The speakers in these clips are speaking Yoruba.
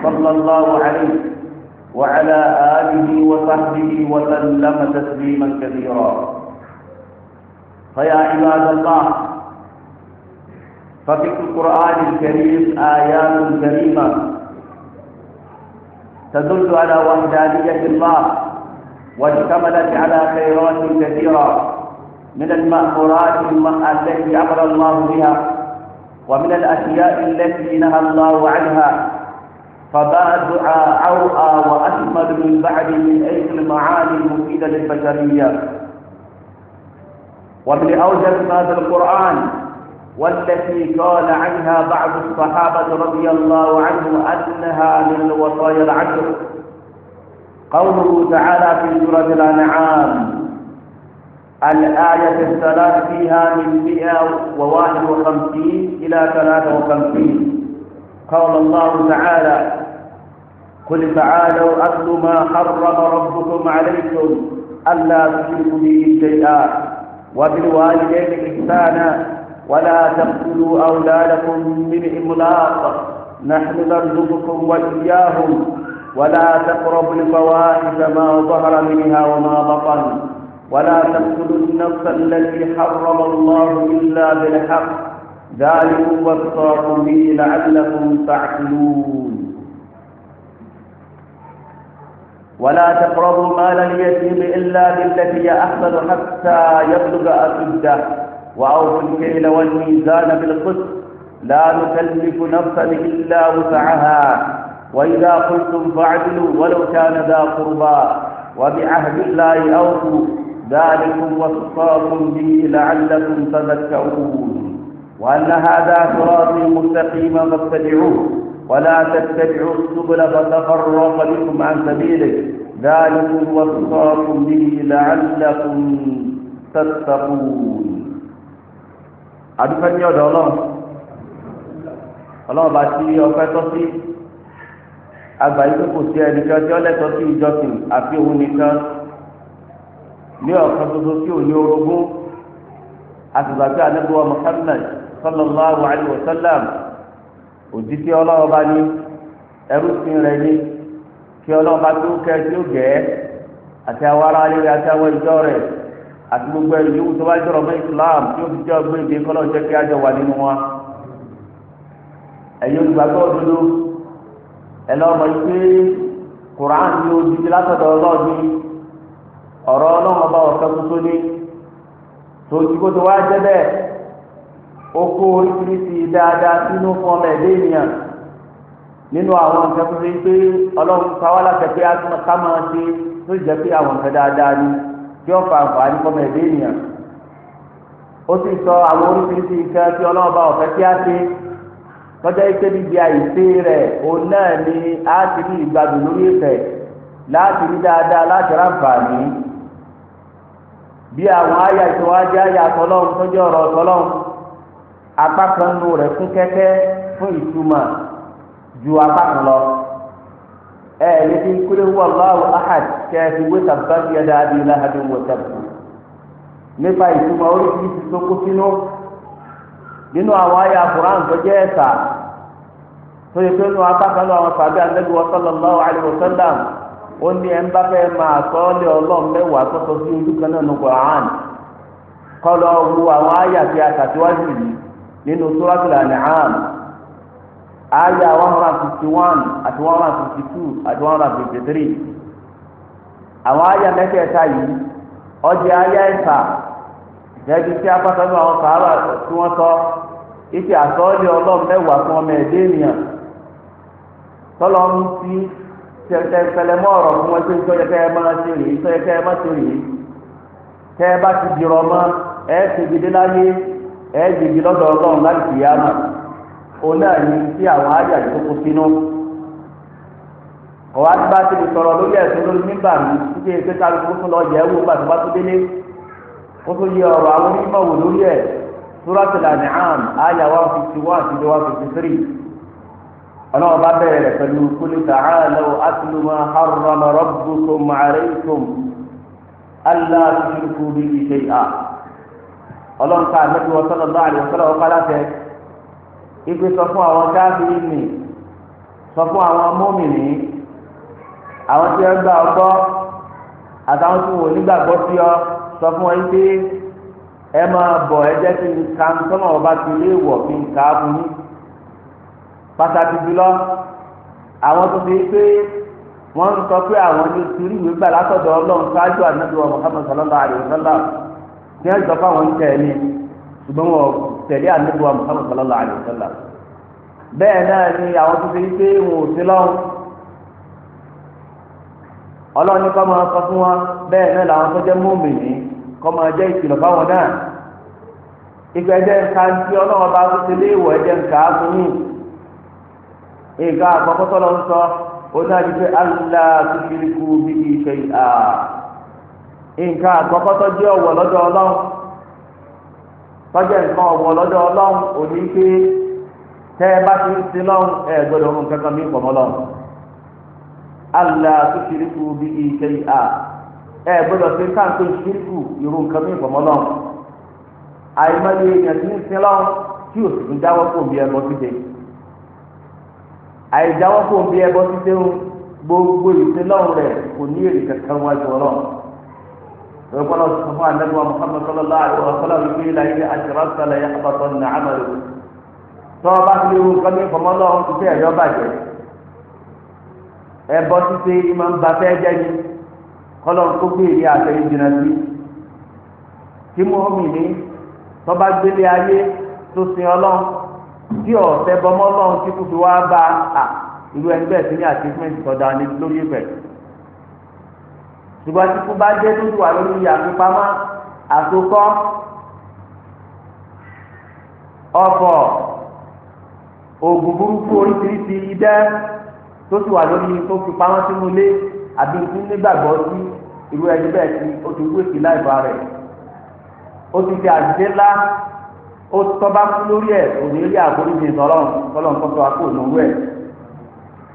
صلى الله عليه وعلى آله وصحبه وسلم تسليما كثيرا فيا عباد الله ففي القرآن الكريم آيات كريمة تدل على وحدانية الله واشتملت على خيرات كثيرة من المأمورات التي أمر الله بها ومن الأشياء التي نهى الله عنها دعاء عوعى وأشمل من بعد من ايه المعاني المفيدة للبشرية ومن أوجب هذا القرآن والتي قال عنها بعض الصحابة رضي الله عنهم أنها من الوصايا العشر قوله تعالى في سورة الأنعام الآية الثلاث فيها من 151 إلى 53 قال الله تعالى قل تعالوا أكل ما حرم ربكم عليكم ألا تشركوا به شيئا وبالوالدين إحسانا ولا تقتلوا أولادكم من إملاق نحن نرزقكم وإياهم ولا تقربوا الفواحش ما ظهر منها وما بطن ولا تقتلوا النفس التي حرم الله إلا بالحق ذلكم وصاكم به لعلكم تعقلون ولا تقربوا مال اليتيم إلا بالتي هي أحسن حتى يبلغ أشده وأوفوا الكيل والميزان بالقسط لا نكلف نفسا إلا وسعها وإذا قلتم فاعدلوا ولو كان ذا قربى وبعهد الله أوفوا ذلكم وصاكم به لعلكم تذكرون وأن هذا صراطي مستقيما فاتبعوه ولا تتبعوا السبل فتفرق بكم عن سبيله ذلك وصاكم به لعلكم تتقون adúpẹ́ ní الله ọlọ́run ọlọ́run bá ti ọpẹ́ tọ́ sí agbàyí tó kò sí ẹnìkan tí ó lẹ́tọ̀ọ́ sí ìjọsìn àfi òun nìkan ní ọ̀kan tuntun tí ò ní orogún àtìgbà tí anábíwá Muhammad sallallahu alayhi wa sallam òtítí ọlọ́ọ̀ba ní ẹrúsìn rẹ ní kí ọlọ́ọ̀ba tó kẹ tí ó gẹ̀ àti àwọn ará ilé àti àwọn ìjọ rẹ àti gbogbo ẹ̀rù yòówù tó bá jọrọ mọ́ Islam tí ó fi jẹ́ ọgbẹ́ ìdè kọ́lọ́ jẹ́ kí á wà nínú wa ẹ̀yin olùgbàgbọ́ oko oríṣiríṣi dáadáa sínú fọmọ ẹ̀dẹ́ ènìyàn nínú àwọn nǹkan tó ṣe ń pé ọlọ́run sáwá láti ká máa ṣe tó jẹ́ pé àwọn nǹkan dáadáa ni kí fa àǹfààní ènìyàn ó sì sọ àwọn nǹkan tí ọlọ́run bá ọ̀fẹ́ kí á ṣe rẹ̀ òun náà ni a ti rí ìgbádùn lórí ìfẹ́ láti rí dáadáa láti ráǹfààní bí àwọn àyà ìṣòwò ajé àyà apá kan nu rẹ̀ fún kẹ́kẹ́ fún ju apá lọ ẹ ẹ lè fi wọ ahad kẹ́ẹ̀fì wé tàbí ẹ̀dá àbí láhàbí wọ tàbí nípa ìtumọ̀ oríṣiríṣi tó sínú nínú àwọn ayé àfúrán tó jẹ́ ẹ̀sà tó yẹ pé nínú apá lọ àwọn sàbí àlejò sallallahu alaihi wasallam ó ní ẹ̀ ń bá fẹ́ máa sọ́ọ́lẹ̀ ọlọ́run mẹ́wàá tó sọ sí ojú kan náà nù kọ́ àwọn ayé àti nínú suratul an'am aya one hundred and fifty one àti one hundred and fifty two àti one hundred and fifty three àwọn aya mẹ́tẹ̀ẹ̀ta yìí ẹ̀fà tí apákanú àwọn sàárà tí wọ́n sọ ike àsọ́ọ́lẹ̀ ọlọ́run mẹ́wàá fún ọmọ ẹ̀dẹ́ ènìyàn tọ́lọ́ ń fi ọ̀rọ̀ fún wọn kẹ́ ẹ máa ṣe rèé kẹ́ ẹ máa ṣe rèé kẹ́ ẹ bá ti dìrọ̀ mọ́ ẹ láyé ẹ jìbì lọ́dọ̀ ọlọ́run láti fi yára òun náà ní sí àwọn àyà tó kó sínú ọ̀wá tí bá ti lè sọ̀rọ̀ lórí ẹ̀sùn lórí nígbà mi títí èké ká lóko fún lọ yẹ wò gbà tó bá tó délé ó tó yẹ ọ̀rọ̀ àwọn onímọ̀ wò lórí ẹ̀ Suratul An'am àyà one fifty one sí one fifty three ọlọ́run bá bẹ̀rẹ̀ rẹ̀ pẹ̀lú kúlù ta'alaw atlu ma harrama rabbukum alaykum alla tushriku bihi shay'an ọlọ́run ká àmẹ́bí wọn sọ́nà bá àlè ọ̀sọ́nà ọ̀pá láfẹ́ ìgbé sọ fún àwọn káfíìnì mi sọ fún àwọn mọ́mìnì àwọn tí wọ́n gbà ọgbọ́ àtàwọn tí wọ́n nígbàgbọ́ sí ọ sọ fún wọn pé ẹ máa bọ̀ ẹ jẹ́ kí n ka sọ́nà ọba ti lé wọ̀ kí n kà á fún yín pàtàkì jùlọ àwọn tó fi pé wọ́n sọ pé àwọn ní oṣù ìwé gbà látọ̀dọ̀ ọlọ́run ṣáájú àdínàbíwọ̀ Muhammad sallallahu tí wọ́n sọ fáwọn ń tẹ̀lé ṣùgbọ́n wọn tẹ̀lé àdébò Muhammad sallallahu alayhi wa sallam bẹ́ẹ̀ náà ni àwọn tó fi pé wọn ò sí lọ́wọ́ ọlọ́ọ̀ni kọ́ máa sọ fún wọn bẹ́ẹ̀ náà làwọn tó jẹ́ mùmínì kọ́ máa jẹ́ ìkìlọ̀ fáwọn náà ìgbà ẹ̀jẹ̀ nǹkan tí ọlọ́wọ́ bá tó ti léèwọ̀ ẹ̀jẹ̀ nǹkan á fún yìí ìgbà àkọ́kọ́ nǹkan àkọ́kọ́ tó jẹ́ ọ̀wọ̀ lọ́dọ̀ ọlọ́run tọ́jà nǹkan ọ̀wọ̀ lọ́dọ̀ ọlọ́run òní pé tẹ́ ẹ bá ti ń sin lọ́run ẹ gbọ́dọ̀ ohun kankan mí pọ̀ mọ́ lọ́run. Allah tó ṣirikù bí ike a ẹ gbọ́dọ̀ sí káńtó ṣirikù irú nǹkan mí pọ̀ mọ́ lọ́run. àìmọye èèyàn ti ń sin lọ́run tí ò sì tún jáwọ́ fún òbí ẹbọ síde. àìjáwọ́ fún òbí ẹbọ síde gbogbo ìsin rẹ̀ kò ní èrè kankan wájú ọlọ́run. ويقول الصفاء النبي محمد صلى الله عليه وسلم في لئن أشركت ليحبطن عملك tọ́ bá ti léwu nǹkan ní ìfọ̀mọ́ lọ́wọ́ ti fẹ́ ẹ̀yọ́ bàjẹ́ ẹbọ títí ìmọ̀ ń ba fẹ́ jẹ́ ni kọ́lọ́ tó gbé ìyá àtẹ̀yìn jìnnà sí tí mo mì ní tọ́ bá gbélé ayé tó sin ọlọ́run tí ọ̀sẹ̀ bọmọ́ lọ́run tí kò fi wá bá ìlú ẹni sí ní àtìkúmẹ̀ntì tọ́da ní lórí ìfẹ́ ṣùgbọ́n tí kú bá jẹ́ tó ti wà lórí àfipamọ́ àsokọ́ ọ̀fọ̀ oògùn burúkú oríṣiríṣi idẹ́ tó ti wà lórí tó fi pamọ́ sínú ilé àbí ikú nígbàgbọ́ sí irú ẹni bẹ́ẹ̀ tí ó ti wéèkì láìpá rẹ̀ o ti fi àdìdé ńlá ó tọ́ bá kú lórí ẹ̀ òní rí àforíjì ìtọ́lọ́run tọ́lọ́run tó tọ́ akó ìnáwó ẹ̀.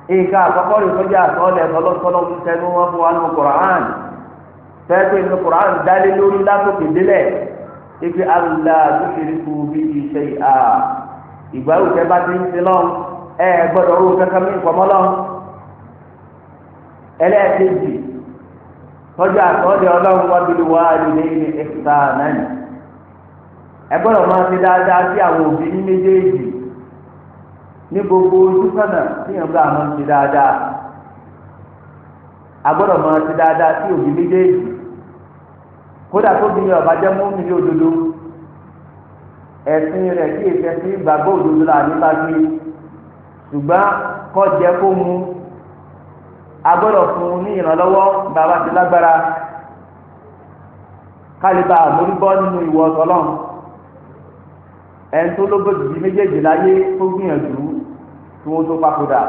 Ị àkọ́kọ́ rẹ̀ sọ́jà àtọ́lẹ̀ tọ́lọ́tọ́lọ́ ń tẹnu wọn fún wa nù kùrán tẹ́tù nù kùrán dálé lórí látòkè délẹ̀ ibi àlùlá kú bí ìgbà òkè ti ń lọ ẹ kankan mọ́ lọ ẹlẹ́ẹ̀kejì tọ́jú àtọ́lẹ̀ ọlọ́run wá náà ẹ gbọ́dọ̀ máa ti dáadáa sí àwọn òbí ní ní gbogbo ojú sọ́nà tí yẹn bá àwọn ti dáadáa agbọ́dọ̀ mọ ti dáadáa sí òbí méjèèjì kódà tó bí ọba jẹ́ mú mi ní òdodo ẹ̀sìn rẹ̀ kí èsì ẹ̀sìn ìgbàgbọ́ òdodo là ní bá gbé ṣùgbọ́n kọ́ jẹ́ kó mu agbọ́dọ̀ fún un ní ìrànlọ́wọ́ bàbá ti lágbára kálíbà àmúrígbọ́ nínú ìwọ ọ̀tọ̀lọ́n ẹni tó lóbodì méjèèjì láyé tó gbìyànjú kí wọ́n tó papòdà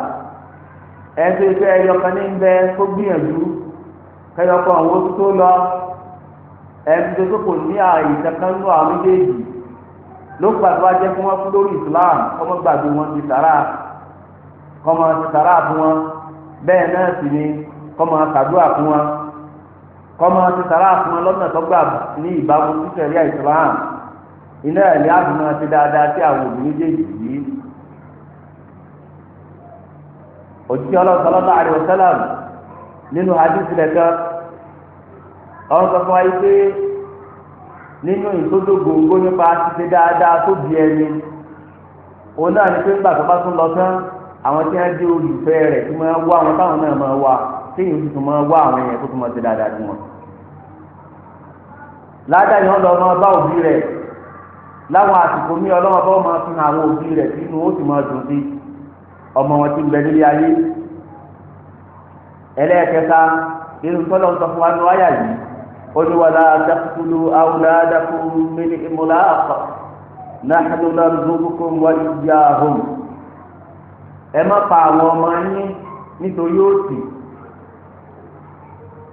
ẹ̀ńtí ìfẹ́ ẹyọkan ní bẹ kó gbìyànjú kẹyọkan àwọn tó lọ ẹ̀ńtí tó kò ní kankan àwọn méjèèjì ló fún wọn fún lórí Islam wọn ti sàrà kọ́mọ sàrà ni kọ́mọ fún wọn kọ́mọ ti sàrà fún wọn lọ́nà tó òtítí ọlọ́sọlọ́lá àríwọ̀sálàm nínú hadith lẹ́kọ́ ọ̀rọ̀ sọ fún wa yìí pé nínú ìtòdó gbòǹgbò nípa títí dáadáa tó bí ẹni òun náà ni pé ńgbà tó bá tún lọ tán àwọn tí wọ́n dé olùfẹ́ rẹ̀ tí wọ́n wá àwọn táwọn náà máa wá téèyàn tuntun máa wá àwọn èèyàn tó tún máa ṣe dáadáa sí wọn. ládàá yìí wọ́n lọ máa bá òbí rẹ̀ láwọn àsìkò mí ọlọ́mọbọ́ máa fi hàn àwọn òbí rẹ̀ sínú ó sì máa dùn sí i ọmọ wọn ti ń bẹ nílé ayé ẹlẹ́ẹ̀kẹta nínú tọ́lọ̀ ń sọ fún wa ní wáyà yìí ó ní wàlá dákúlù awladakum min imlaq nahnu narzuqukum wa iyyahum ẹ má pa àwọn ọmọ yín nítorí òsì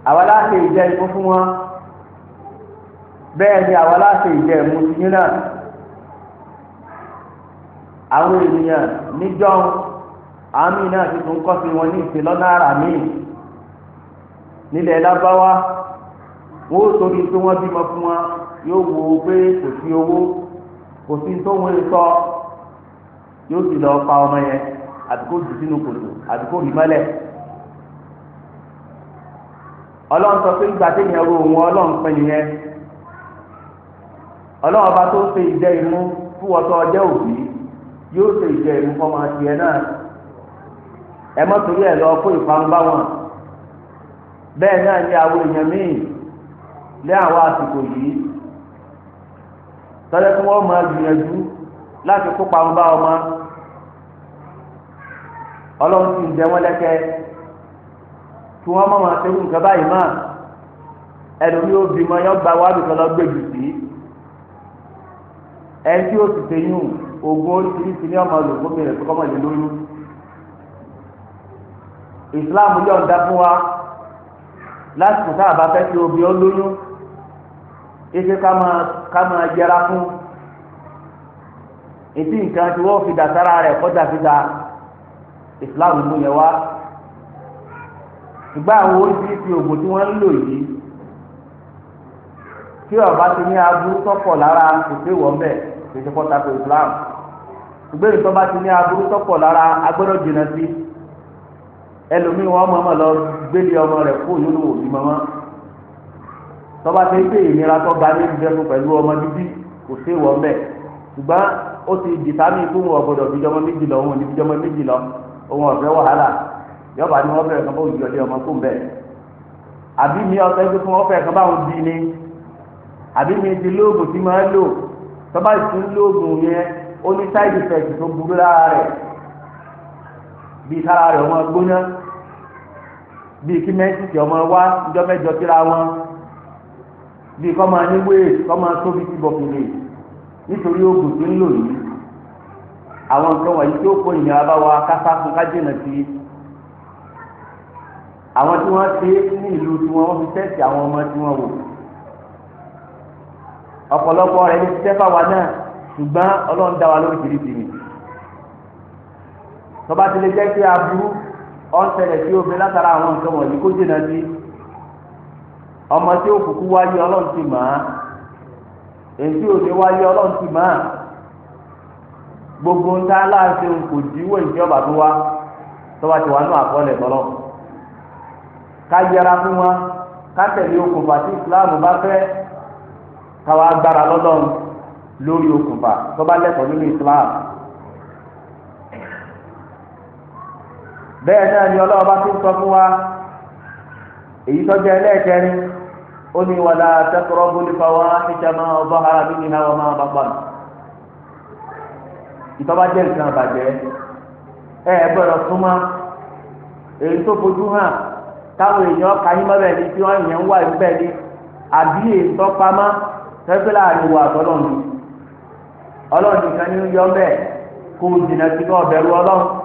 àwa láti ìjẹ ikú fún wọn bẹ́ẹ̀ ni àwa láti ìjẹ ìmú sí yín náà àwọn ènìyàn níjọ́ àmì náà ti tún wọn ní ìpínlọ́nà ara mi nílẹ̀ lábáwá wọn ó torí pé wọ́n bímọ fún wọn yóò wo pé kò sí owó kò sọ yóò sì pa ọmọ yẹn àti jù sínú kòtò àti rí mọ́lẹ̀ ọlọ́run sọ pé ìgbà téèyàn ro òun ọlọ́run pẹ́ nìyẹn ọlọ́run ọba tó ṣe ìjẹ́ imú fún òbí yóò ẹ má torí ẹ lọ kó ìparun bá wọn bẹ́ẹ̀ náà ní àwọn èèyàn míì lé àwọn àsìkò yìí tọ́lẹ́ tí wọ́n máa gbìyànjú láti kó parun bá ọmọ ọlọ́run sì ń jẹ wọ́n lẹ́kẹ́ tí wọ́n má máa tẹ́wọ́ nǹkan báyìí máa ẹlòmí ó bímọ yọ gba wàá bìkan lọ gbèjì sí ẹni tí ó sì tẹ̀yìn ogún oríṣiríṣi ní ọmọ olùkọ́ mi rẹ̀ kọ́mọ̀lélóyún. islam yọ̀ǹda fún wa lásìkò tá a bá fẹ́ ṣe obì olóyún ike ká máa yẹra fún ètí nǹkan tí wọ́n fi dàtara rẹ̀ kọjá síta ìsìláàmù mú yẹ wá ìgbà àwọn oríṣiríṣi tí wọ́n ń lò yìí tí ọba ti ní lára bá ti ní ẹlòmíì wọn mọ̀ mọ̀ lọ gbélé ọmọ rẹ̀ kó yóò wò bí mọ́mọ́ tọ́ba ti ń pè ìnira tó ba ní ìdẹ́nu pẹ̀lú ọmọ bíbí kò sí ìwọ mbẹ ṣùgbọ́n ó ti dìtámì kó wọn gbọdọ̀ bí jọmọ méjì lọ òun ní bí jọmọ méjì lọ òun ọ̀fẹ́ wàhálà yọba ni wọn fẹ́ kàn báwọn ìjọlẹ̀ ọmọ kó mbẹ àbí mi ọ̀fẹ́ tó fún wọn fẹ́ báwọn bí ni àbí mi ti lóògùn tí máa lò tọ́ba ìsún lóògùn yẹn ó ní side effect tó burú lára rẹ̀ bíi kára rẹ̀ ọmọ gbóná bíi kí mẹ́sìkì ọmọ wá ìjọ mẹ́jọ síra wọn bíi kọ́ máa ní wéè kọ́ máa tóbi tí bọ̀kìlì nítorí oògùn tí ń lò yìí àwọn nǹkan wọ̀nyí tí ó kó ìnira bá wa kásá fún kájìnà sí i àwọn tí wọ́n ṣe ní ìlú tí wọ́n fi tẹ́sì àwọn ọmọ tí wọ́n wò ọ̀pọ̀lọpọ̀ rẹ̀ ní sẹ́fà wa náà ṣùgbọ́n ọlọ́run dá wa lórí kìrìtìrì tọba ti lè jẹ́ pé aburú ọ̀sẹ̀lẹ̀ tí obìnrin látara àwọn nǹkan wọ̀nyí kó jìnnà sí ọmọ tí ó kúkú wáyé ọlọ́run ti mọ̀ á èyí ò ní wáyé ọlọ́run ti mọ̀ á gbogbo ń tá aláàṣẹ kò díwọ̀ ìjọba tó wá tọba ti wà nù àkọọ́lẹ̀ tọ́lọ́ ká yẹra fún wa ká tẹ̀lé okùnfà tí ìsìláàmù bá fẹ́ káwa gbára lọ́dọ̀ lórí okùnfà tọ́ba lẹ́kọ̀ọ́ nínú ìsìláàmù. bẹ́ẹ̀ náà ni ọlọ́wọ́ bá ń sọ fún wa èyí tọ́jú ẹlẹ́ẹ̀kẹrin ó ní wàlá tẹ́kọ̀rọ́ bólúfà wá níta máa ọgbọ́n ara mi nínú àwọn máa bá ìtọ́ba jẹ́ nǹkan àbàjẹ́ ẹ gbọ́dọ̀ súnmọ́ èyí tó fojú hàn táwọn èèyàn ka yín mọ́ bẹ́ẹ̀ ni tí wọ́n yẹn ń wà yín ni àbí èso pamọ́ fẹ́fẹ́ láàrin wà tọ́lọ́ọ̀nù ọlọ́ọ̀nù kan ní yọ bẹ́ẹ̀ kó o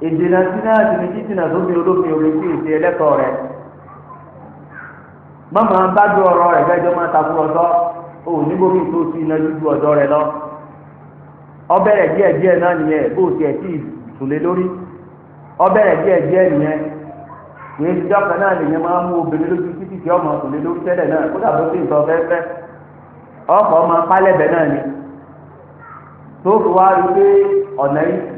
ìdènà sínú àdìní jíjìnà sómi olómi omi sí ìsè ẹlẹ́kọ̀ọ́ rẹ̀ mọ́mọ́ bá dú ọ̀rọ̀ rẹ̀ gbẹ́jọ́ máa takú ọ̀dọ́ òun ní bómi tó sí iná dúdú ọ̀dọ́ rẹ̀ lọ ọbẹ̀rẹ̀ díẹ̀ díẹ̀ náà nìyẹn bó tiẹ̀ tí ì sùlé lórí ọbẹ̀rẹ̀ díẹ̀ díẹ̀ nìyẹn kìí ti dọ́kàn náà nìyẹn máa mú obìnrin lójú títí tí ọmọ sùlé lórí tẹ́lẹ̀ náà kó dàbó sí nǹkan fẹ́fẹ́ ọkọ̀ ọmọ pálẹ̀bẹ̀ náà ni tó fi wá rí pé ọ̀nà yìí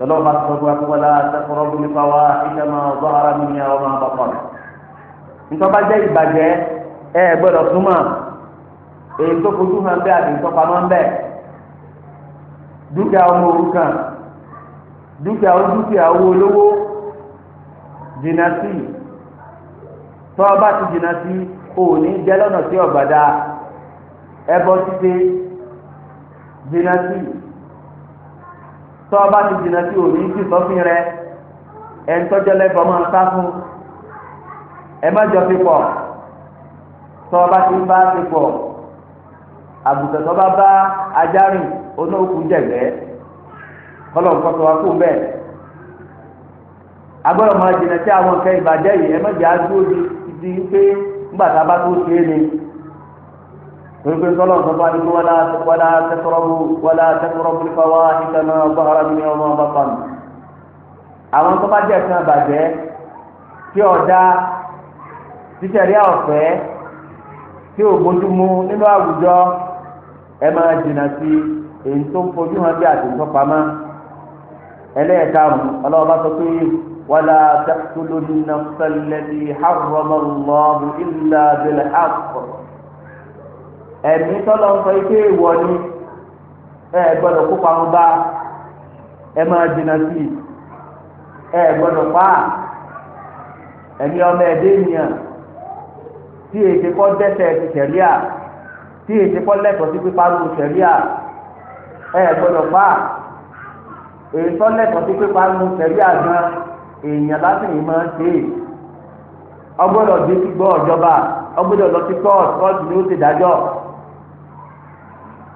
tọ́lọ́ bá sọ fún akọ́kọ́ la sẹ́kọ̀rọ́ bí nípa wa ìṣe máa zọ́ ara mi ní àwọn máa bọ̀ kọ́ni. nítorí bá jẹ́ ìbàjẹ́ ẹ gbọ́dọ̀ súnmọ́ èyí tó fojú hàn bẹ́ẹ̀ àti ìtọ́pamọ́ ń bẹ́ẹ̀. dúkìá ọmọ òrukàn dúkìá ó dúkìá owó olówó jìnnà sí tọ́ ọ bá ti jìnnà sí òní jẹ́ lọ́nà sí ọ̀gbàdá ẹbọ títí jìnnà sí. tó o bá ti jìnnà sí òní sí sọ́fin rẹ ẹ̀ ń tọ́jọ́ lẹ́bọ̀ máa ń sá ẹ má jọ fi pọ̀ bá ti bá fi pọ̀ àgùntàn tó bá bá ajá rìn onókùn jẹ̀gbẹ́ kọ́lọ̀ nǹkan tó wá kú bẹ́ẹ̀ agbọ́dọ̀ máa jìnnà sí àwọn nǹkan ìbàjẹ́ yìí ẹ di pé tá a bá ni. gbogbo sọlọ sọba ni ko ولا wala ولا wala tẹkọrọbu nípa wa ìtànà bàrà mi ọmọ bàbá mi. àwọn tó bá jẹ kan bàjẹ́ tí ọ̀dà títẹ̀rí ọ̀fẹ́ tí ò bójúmu nínú àwùjọ ẹ máa jìnnà sí èyí tó ń fojú hàn bí àtúntò pamọ́ ẹlẹ́ẹ̀karùn-ún ọlọ́ọ̀bá sọ pé wàlá taqtulu an-nafsa allati harrama Allahu illa bil haqq. ẹ̀mí tọ́lọ̀ ń sọ ike ìwọ ni ẹ gbọ́dọ̀ kópa wọn bá ẹ máa jìnnà sí i ẹ gbọ́dọ̀ pa ẹ̀mí ti tí èsì kọ́ sí ẹ gbọ́dọ̀ pa èyí tọ́ sí gan èèyàn máa ń ṣe ọgbọ́dọ̀ dé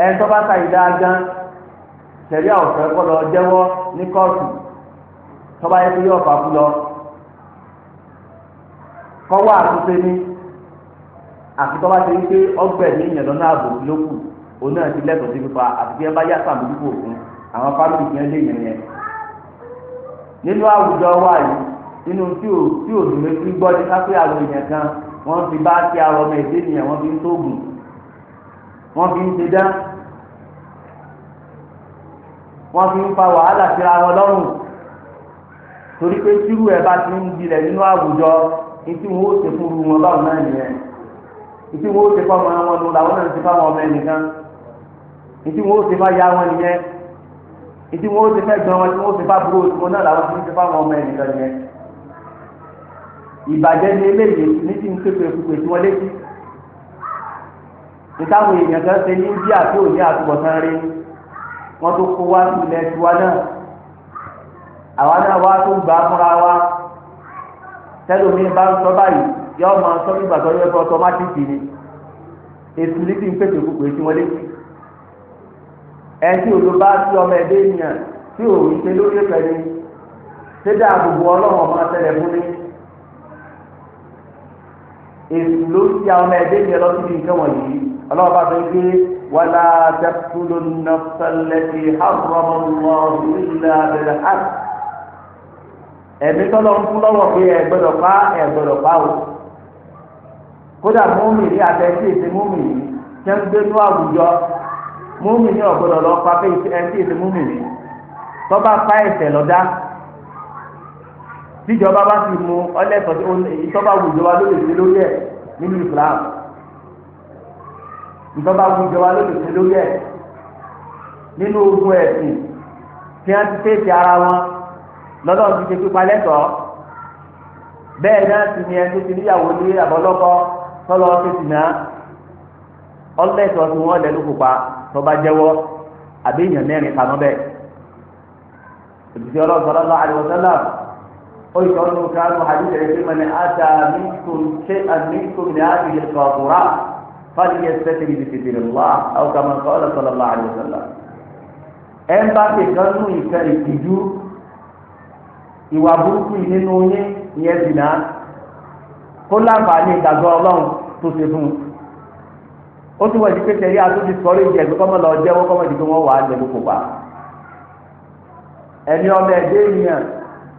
E bá ta ìdá gan tẹ̀lé àwòsàn kọ́ jẹ́wọ́ ní kóòtù tọ́ba yẹ kó yọ ọ̀fà kú lọ kọ́wọ́ àtúnṣe ní àti tọ́ba ti ń pé ọgbẹ́ ní ìyànlọ́ náà bò l'ókù òun náà ti lẹ́tọ̀ọ́ sí àti bí ẹ bá àwọn fámìlì kan wọ́n ti bá ti àwọn ọmọ ìdí nìyẹn wọ́n ń wọ́n fi ń ṣe dá wọ́n fi ń fa wàhálà síra wọn lọ́rùn torí pé tírú ẹ̀ bá ti ń gbilẹ̀ nínú àwùjọ etí wọn ó ṣe fúru wọn báwọn náà nìyẹn etí wọn ó ṣe fọmọ wọn nù làwọn náà ti fáwọn ọmọ ẹnìkan etí wọn ó ṣe fáyà wọn nìyẹn etí wọn ó ṣe fẹ́ gbọ́n wọn tí wọn ó ṣe fá búrò tí náà làwọn ti ń ṣe fáwọn ọmọ ẹnìkan nìyẹn ìbàjẹ́ ni eléyìí ní ti ń pépè pépè tí wọ́n létí ìtàwọn èèyàn kan ṣe ní bí àti òní àtúbọ̀tán rí wọ́n tó kó wá ilẹ̀ tiwa náà àwa náà wá tó gbà á fúnra wa tẹ́lómi bá ń sọ báyìí yọ ọmọ sọ nígbà tó yẹ kó ọtọmátìkì ni ètò ní kí n pèsè òkú pé tí wọ́n lé sí ẹtí òdo bá sí ọmọ ẹ̀dẹ́ ènìyàn tí òun ṣe lórí ẹ̀fẹ́ ni ṣẹ́dá àbùbù ọlọ́run ọmọ àtẹlẹ fún mi èsì ló ti ọmọ ẹ̀dẹ́ ènìyàn lọ síbi nǹkan wọ̀nyí ọlọ́wọ́ bá fẹ́ gbé wàlá tẹ́kùlù nọ́fẹ̀lẹ́tì harramallahu illa bil haqq. ẹ̀mí tọ́lọ́ ń fún lọ́wọ́ pé ẹ gbọ́dọ̀ pa ẹ gbọ́dọ̀ pa o. kódà múmi ní àtẹ̀sí èsì múmi yìí tẹ́ ń gbénú àwùjọ múmi ní ọ̀gbọ́dọ̀ lọ pa pé ẹ̀sí èsì múmi yìí tọ́ba pa ẹ̀sẹ̀ lọ́dá tíjọba bá ti mú ọlẹ́sọ̀ ìjọba wùjọ wa ló lè ṣe lórí ẹ̀ nínú ogun ẹ̀sìn tí wọ́n ti tẹ̀sí ara wọn lọ́dọ̀ ti ṣe pípa lẹ́tọ̀ọ́ bẹ́ẹ̀ náà sì ni ẹni tó ti níyàwó ní àbọ̀lọ́kọ tọ́lọ́ ti sì náà ọlẹ́tọ̀ọ́ tí wọ́n lẹ́nu pupa tọ́ba jẹ́wọ́ àbí èèyàn mẹ́rin kanú bẹ́ẹ̀ òtítí ọlọ́sọ̀rọ̀ náà àdìwọ̀sọ́lá olùkọ́ ọdún kan ló hàdí tẹ̀lé pé mọ̀ ní àtà àmì kò ní àdìyẹ kọ̀ọ̀kùrà. فليستتر بستر الله أو كما قال صلى الله عليه وسلم ẹ̀ ń bá ti kan nù ìkan ìtìjú ìwà burúkú yìí nínú yín ìyẹn sì náà kó láǹfààní ìdàgbọ́ ọlọ́run tó ṣe fún un ó ti wọ̀nyí pé tẹ̀lé àtúntì sọ́rí ìjẹ́ pé kọ́mọ lọ jẹ́wọ́ kọ́mọ ìdí pé wà á jẹ́ lóko pa ẹ̀mí ọmọ ẹ̀dẹ́ ènìyàn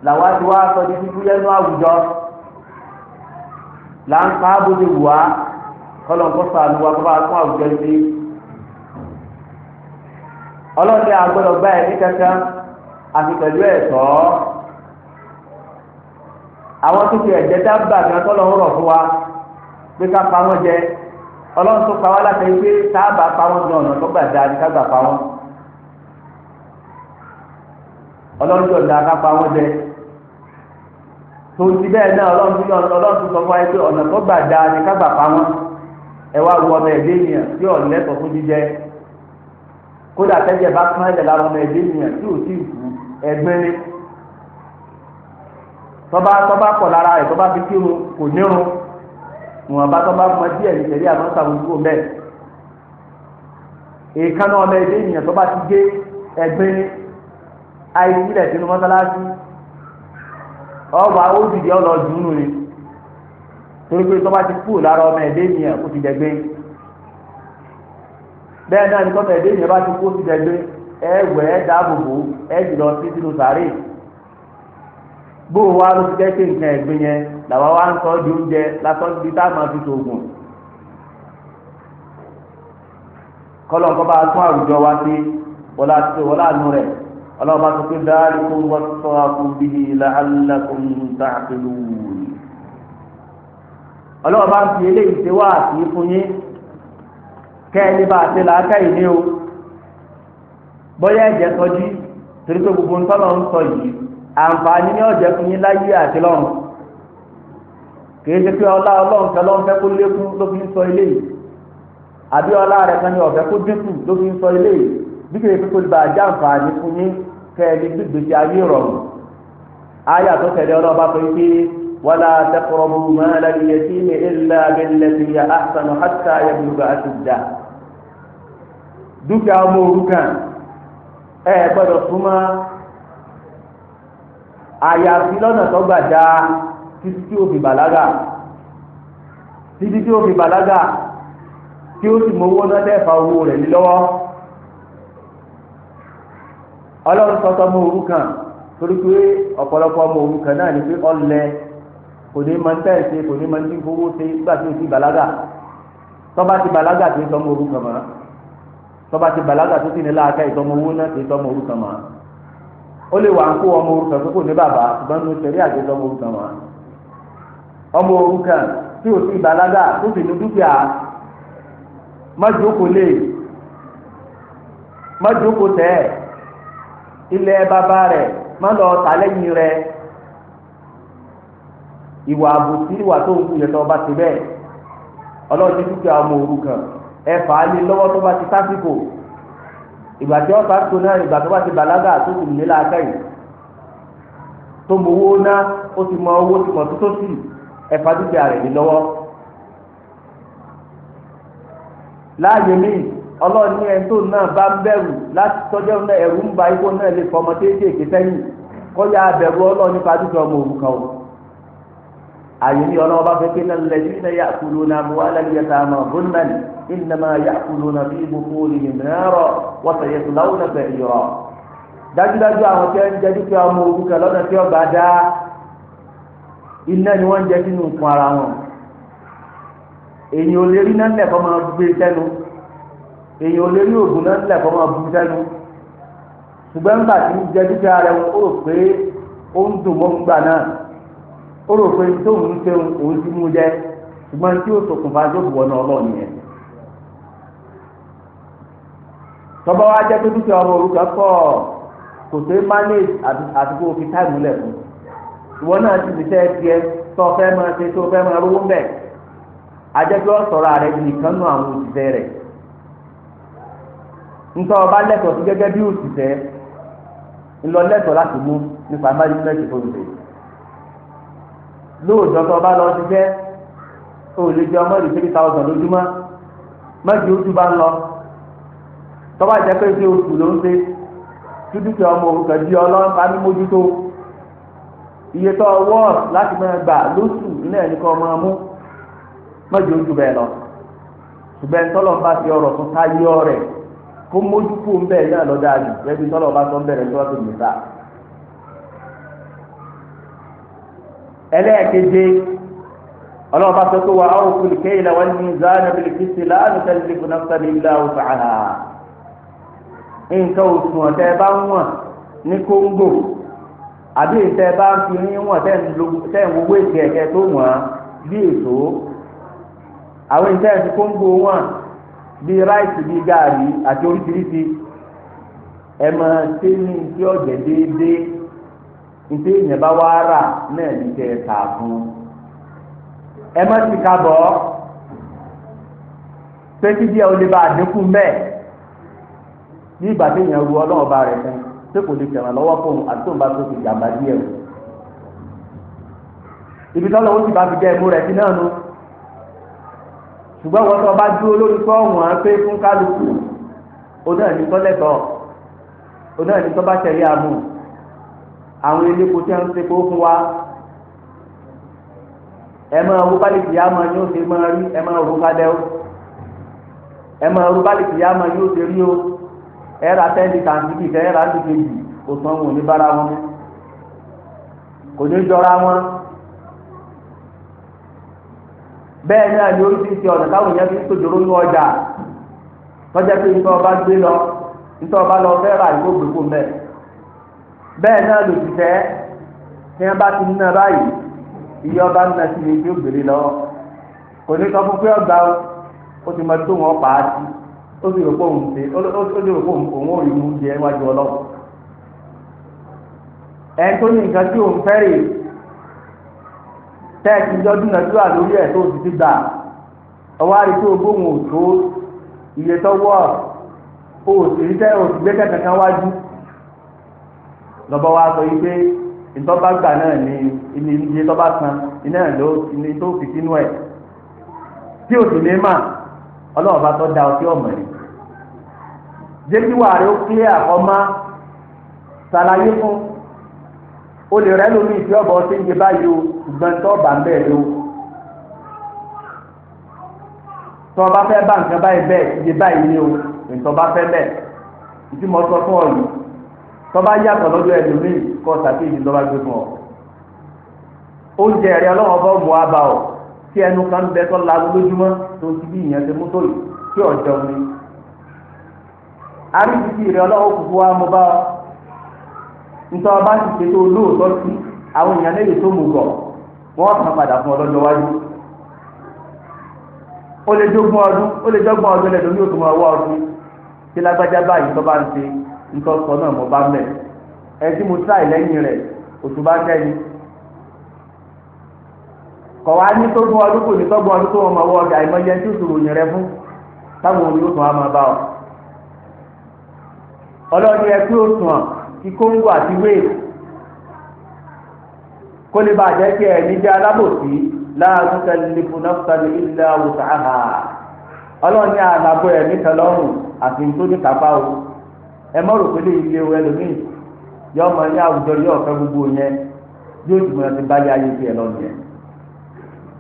làwa ti wá sọ ní fífúyẹ́nu àwùjọ là ń pa á wù á kọlọ́nkọ́ sànù wa kọ́ bá kọ́ àwùjọ sí ọlọ́dẹ agbọ́dọ̀ gbá ẹni kankan àti pẹ̀lú ẹ̀tọ́ àwọn tó fi ẹ̀jẹ̀ dábà kan kọ́lọ́ ń rọ̀ fún wa pé ká pa wọ́n jẹ ọlọ́run tó pa wá láti ẹni pé sábà pa wọ́n ní ọ̀nà tó gbà dáa ní ká gbà pa wọ́n ọlọ́run tó dáa ká pa wọ́n jẹ tó ti bẹ́ẹ̀ náà ọlọ́run tó sọ fún wa pé ọ̀nà tó gbà dáa ní ká gbà pa wọ́n ẹ wá wọ ọmọ ẹ̀dẹ́ ènìyàn tí ò lẹ́tọ̀ọ́ fún jíjẹ kódà tẹ́jẹ̀ bá kán ẹ̀jẹ̀ lára ọmọ ẹ̀dẹ́ ènìyàn tí ò sí ìfú ẹgbẹ́rẹ́ tọ́ba tọ́ba pọ̀ lára ẹ̀ tọ́ba fi kírun kò nírun ìwọ̀nba tọ́ba mọ díẹ̀ nítorí àmọ́ sàmójúkò bẹ́ẹ̀ èèkánná ọmọ ẹ̀dẹ́ ènìyàn tọ́ba ti gé ẹgbẹ́rẹ́ àìsílẹ̀ sínú mọ́sálásí ọba ó dìde ọlọ́ọ̀dúnrún ni torí pé tọ́ba ti kú lára ọmọ ẹ̀dẹ́ ènìyàn kó ti dẹ̀gbé bẹ́ẹ̀ náà ní tọ́ba ẹ̀dẹ́ ènìyàn bá ti kú ó ti dẹ̀gbé ẹ wẹ̀ ẹ dáàbòbò sí sínú sàárè bó wa ló ti dẹ́kẹ́ nǹkan ẹ̀gbin yẹn làwa wa ń sọ di oúnjẹ lásán bí tá a máa fi sògùn bá a tún àwùjọ wa sí wọlá tó wọlá àánú rẹ̀ ọlọ́run bá tó pé dáálí kó wọ́n sọ àkùnbí ọlọ́wọ́ bá ń fi eléyìí ṣe wá àti fún yín kẹ́ẹ̀ni bá a ṣe làákà ìní o bóyá ẹ̀jẹ̀ sọjí torí pé gbogbo nǹkan lọ́n sọ yìí àǹfààní ní ọ̀jẹ̀ fún yín láyé àti lọ́run kì í ṣe pé ọlá ọlọ́run kan lọ́n fẹ́ kó lékún ló fi ń sọ eléyìí àbí ọlá rẹ̀ kan ní ọ̀fẹ́ kó dínkù ló fi ń sọ eléyìí bí kìí ṣe kó lè bá a já àǹfààní fún yín kẹ́ẹ̀ni gbígbèsè ayé rọrùn ولا تقربوا مال اليتيم إلا بالتي هي أحسن حتى يبلغ أشده dúkìá ọmọ òrukàn ẹ gbọ́dọ̀ súnmọ́ àyàfi lọ́nà tó gbà dáa títí tí ó fi bàlágà títí tí ó fi bàlágà tí ó sì mọwọ́ náà dẹ́fà owó rẹ̀ ní lọ́wọ́ ọlọ́run sọ́tọ́ ọmọ òrukàn torí pé ọ̀pọ̀lọpọ̀ ọmọ òrukàn náà ní pé ọ̀lẹ kò ní máa ń tẹ̀sí kò ní máa ń tí fowó ṣe nígbà tí o ti bàlágà tọ́ba ti bàlágà kì í sọmọ orúkọ mọ́ tọ́ba ti bàlágà tó sì ní láàká ìtọ́mọ owó náà kì í sọmọ orúkọ mọ́ ó lè wà ń kó ọmọ orúkọ tó kò ní bàbá ṣùgbọ́n ní oṣù rí àti ìtọ́mọ orúkọ mọ́ ọmọ orúkọ tí o ti bàlágà tó sì ní dúkìá má jókòó lé tẹ́ ilẹ̀ bàbá rẹ̀ má lọ tà lẹ́yìn rẹ̀ ìwà àbòsí ìwà tó ń kúyẹ̀ tó ọba ti bẹ́ẹ̀ ọlọ́run ti dúkìá ọmọ òrukàn ẹ fà á lé lọ́wọ́ tó bá ti sásìkò ìgbà tí ọ̀sán tó náà ìgbà tó bá ti bàlágà tó sì nílá akẹ́yìn tó mọ owó ná ó ti mọ owó ti mọ tó tó sì ẹ fà dúkìá rẹ̀ lé lọ́wọ́. láàyè mi ọlọ́run ní ẹni tó náà bá ń bẹ̀rù láti tọ́jú ẹ̀rù ń ba ikú náà lè fọmọ téèké sẹ́yìn kọ́ ya bẹ̀rù ọlọ́run nípa dúkìá ọmọ òrukàn o àyè ní ọlọ́wọ́ bá fẹ́ pé náà lẹ́yìn iná yà kúló náà mú alẹ́ yẹ tààmà gbóná ni iná máa yà kúló náà bí ibu kúló ni mìíràn wọ́tà yẹ tó láwùn náà bẹ̀rẹ̀ yọ. dájúdájú àwọn tẹ́ ń jẹ dúkìá ọmọ ogun kan lọ́nà tí ọba dá iná ni wọ́n ń jẹ sínú nǹkan ara wọn. èyàn ò lè rí náà lẹ̀kọ́ máa gbé sẹ́nu èyàn ò lè rí oògùn náà lẹ̀kọ́ máa bu sẹ́nu ṣùgbọ́n nígbà tí ń jẹ dúkìá rẹ̀ ó pé ó ń dùn mọ́ gbà ó rò pé tóun ń ṣe òun ti mú jẹ ṣùgbọ́n tí ó ṣokùnfà tó bù ọ̀nà ọlọ́ọ̀ni yẹn. tọ́ba wa jẹ́ pé dúkìá ọmọ òrukàn pọ̀ kò tó é manage àdúgbò fi táìmù lẹ̀ fún ìwọ náà ti fi tẹ́ ẹ tiẹ̀ tó o fẹ́ máa ṣe tó o fẹ́ máa rówó ń bẹ̀ ajẹ́pẹ́ ọ̀sọ̀rọ̀ rẹ̀ nìkan nù àwọn òṣìṣẹ́ rẹ̀ ntọ́ ọba lẹ́tọ̀ọ́ sí gẹ́gẹ́ bí òṣìṣẹ́ ńlọ lẹ́tọ̀ọ́ láti mú nípa májúmẹ́tì fóun bẹ́ẹ̀ lóòjọ́ tó bá lọ ti jẹ́ o lè jẹ ọmọ ìlú three thousand lójúmọ́ mẹ́jì ojú bá ń lọ tọ́ba jẹ́ pé ṣé oṣù ló ń ṣe túdúkẹ́ ọmọ òrukàn di ọlọ́pàá ní mójútó iye tó wọ́ láti máa gbà lóṣù nílẹ̀ ní kọ́ máa mú mẹ́jì ojú bẹ́ẹ̀ lọ ṣùgbọ́n tọ́lọ̀ bá fi ọ̀rọ̀ tó táyé ọ̀rẹ́ kó mójútó ń bẹ́ẹ̀ náà lọ́dọ̀ àjù gẹ́gẹ́ tọ́lọ̀ bá tó ń bẹ̀rẹ̀ tó ẹlẹ́ẹ̀keje ọlọ́wọ́ bá sọ pé wà áwọ̀ fún ìké ìlà wọn ní zánà bìlì kìsì láàánú tẹ́lifí fún náà sani ilá ọ̀sà àná. nǹkan òṣùwọ̀n tẹ́ ẹ bá ń wọ̀n ní kóńgò àbí tẹ́ ẹ bá ń fi ní wọ̀n tẹ́ ń wọ́wọ́ èsì ẹ̀kẹ́ tó wọ̀n bí èso. àwọn ìtẹ́ ẹ̀ kóńgò wọ̀n bí ráìsì bí gààrí àti oríṣiríṣi ẹ̀ máa ṣe ní iṣẹ́ ọ̀jẹ̀ déédéé ìdí ìyẹn bá wá rà náà ní kẹ ẹ tà fún ẹ má ti ká bọ́ pẹ́kí díẹ̀ ó lè bá àdínkù mẹ́ẹ̀ ní ìgbà tí ìyẹn ru ọlọ́run bá rẹ̀ fún pé kò lè tẹ̀ràn lọ́wọ́ fún àti bá tó fi jàmbá díẹ̀ o ibi tó lọ́wọ́ sì bá fi jẹ́ ẹ̀mú rẹ̀ sí náà nu ṣùgbọ́n wọn tó bá dúró lórí fọ́ọ̀mù à pé fún kálukú onáà ní tọ́lẹ̀tọ̀ onáà ní tọ́ bá tẹ̀lé àmú. àwọn eléko tí wọ́n ń kó fún wa ẹ máa wo bálẹ̀ tìyà máa yóò ṣe máa rí ẹ máa wo kálẹ̀ o ẹ máa yóò ṣe rí o ẹ ra tàǹtì ẹ ra kò wọn ní bára wọn kò ní jọra wọn bẹ́ẹ̀ ni àyè oríṣiríṣi ọ̀nà táwọn èèyàn fi ń sojoro ní ọjà tọ́jà pé nítorí ọba gbé lọ nítorí ọba lọ fẹ́ ra bẹ́ẹ̀ náà ló ti fẹ́ tí wọ́n bá ti ní iye ọba nínú ẹtì lè lọ kò ní kọ́ fún ọgbà o ó ti mọ tó wọn pa á sí ó sì rò pé òun ṣe ó sì rò pé òun ò rí mú jẹ ọlọ́run ẹni tó ní nǹkan tí òun fẹ́ rè tẹ́ẹ̀tì jọ dúnadúrà lórí ẹ̀ tó ti ti gbà ọwọ́ lọ́bọ̀ wa sọ yìí pé ìtọ́ba gbà náà ni ní iye tọ́ba san iná ló ní tó fi sínú ẹ̀ tí o sì ní mà ọlọ́run bá da ọtí ọ̀mọ̀ ni jẹ́ rẹ ó clear ọmọ ṣàlàyé fún o lè rẹ lómi ìfẹ́ ọ̀bọ̀ ọtí ń jẹ báyìí o ṣùgbọ́n tọ́ọ̀bà ń bẹ̀ lé o tọ́ọ̀bà fẹ́ bá nǹkan báyìí bẹ́ẹ̀ ń jẹ báyìí ni o ìtọ́ba fẹ́ bẹ́ẹ̀ ìtumọ̀ sọ fún ọ yìí tọ́ba yàtọ̀ lọ́dọ̀ ẹlòmíì kọ́ sàkéjì lọ́ba gbé fún ọ. oúnjẹ rẹ ọlọ́wọ́ bọ́ mú abà ọ tí ẹnu kan bẹ tọ́ la lójúmọ́ tó ti bí ìyẹn ti mú tó yìí tí ọ̀jọ̀ mi. arísìkì rẹ ọlọ́wọ́ kúkú wa mo bá ọ. ntọ́ bá ti ṣètò olóòótọ́ sí àwọn èèyàn lè tó mú gọ̀ wọ́n kàn padà fún ọlọ́jọ́ wájú. ó lè jogún ọdún ó lè jogún ọdún lẹ́nu ní òtún ọwọ́ ọdún tí lágbájá báyìí tọ́ ń ṣe nítorí sọ náà mo bá mẹ ẹ tí mo tíráì lẹ́yìn rẹ̀ oṣù bá kẹ́yìn kọ̀ wá ní tó gbọ́ ọdún kò ní tó gbọ́ ọdún tó wọn máa wọ ọjà tí rẹ fún táwọn ọ. ọlọ́ọ̀ni ẹ ti kóńgò àti kó lè bá jẹ́ kí ẹ níjẹ́ alábòsí láàrú fún ọlọ́ọ̀ni àlàbọ̀ ẹ̀mí tẹlọ́rùn àti nítorí kápá o. ẹ mọ rò pé lè ilé ma ẹlòmíì yọ ọmọ ní yọ ọ̀fẹ́ gbogbo yẹn yóò ti mọ ẹsẹ̀ báyìí ayé lọ nìyẹn